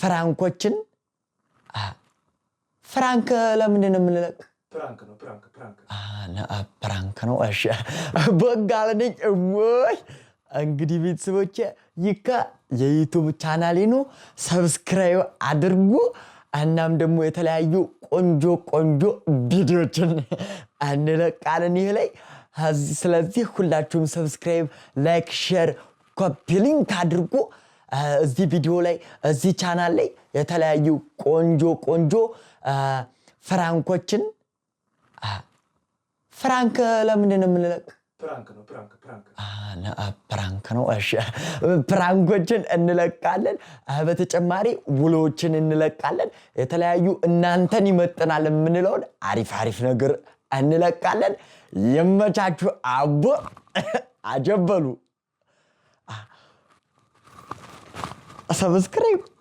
ፍራንኮችን ፍራንክ ለምንድን የምንለቅ ፕራንክ ነው። እሺ በጋለነኝ ወይ እንግዲህ ቤተሰቦች ይካ የዩቱብ ቻናሌ ሰብስክራይብ አድርጉ። እናም ደግሞ የተለያዩ ቆንጆ ቆንጆ ቪዲዮችን እንለቃለን ይህ ላይ። ስለዚህ ሁላችሁም ሰብስክራይብ፣ ላይክ፣ ሼር፣ ኮፒ ሊንክ አድርጉ። እዚህ ቪዲዮ ላይ እዚህ ቻናል ላይ የተለያዩ ቆንጆ ቆንጆ ፍራንኮችን ፍራንክ ለምንድን የምንለቅ ፕራንክ ነው። እሺ ፕራንኮችን እንለቃለን። በተጨማሪ ውሎችን እንለቃለን። የተለያዩ እናንተን ይመጥናል የምንለውን አሪፍ አሪፍ ነገር እንለቃለን። የመቻችሁ አቦ አጀበሉ Estava-se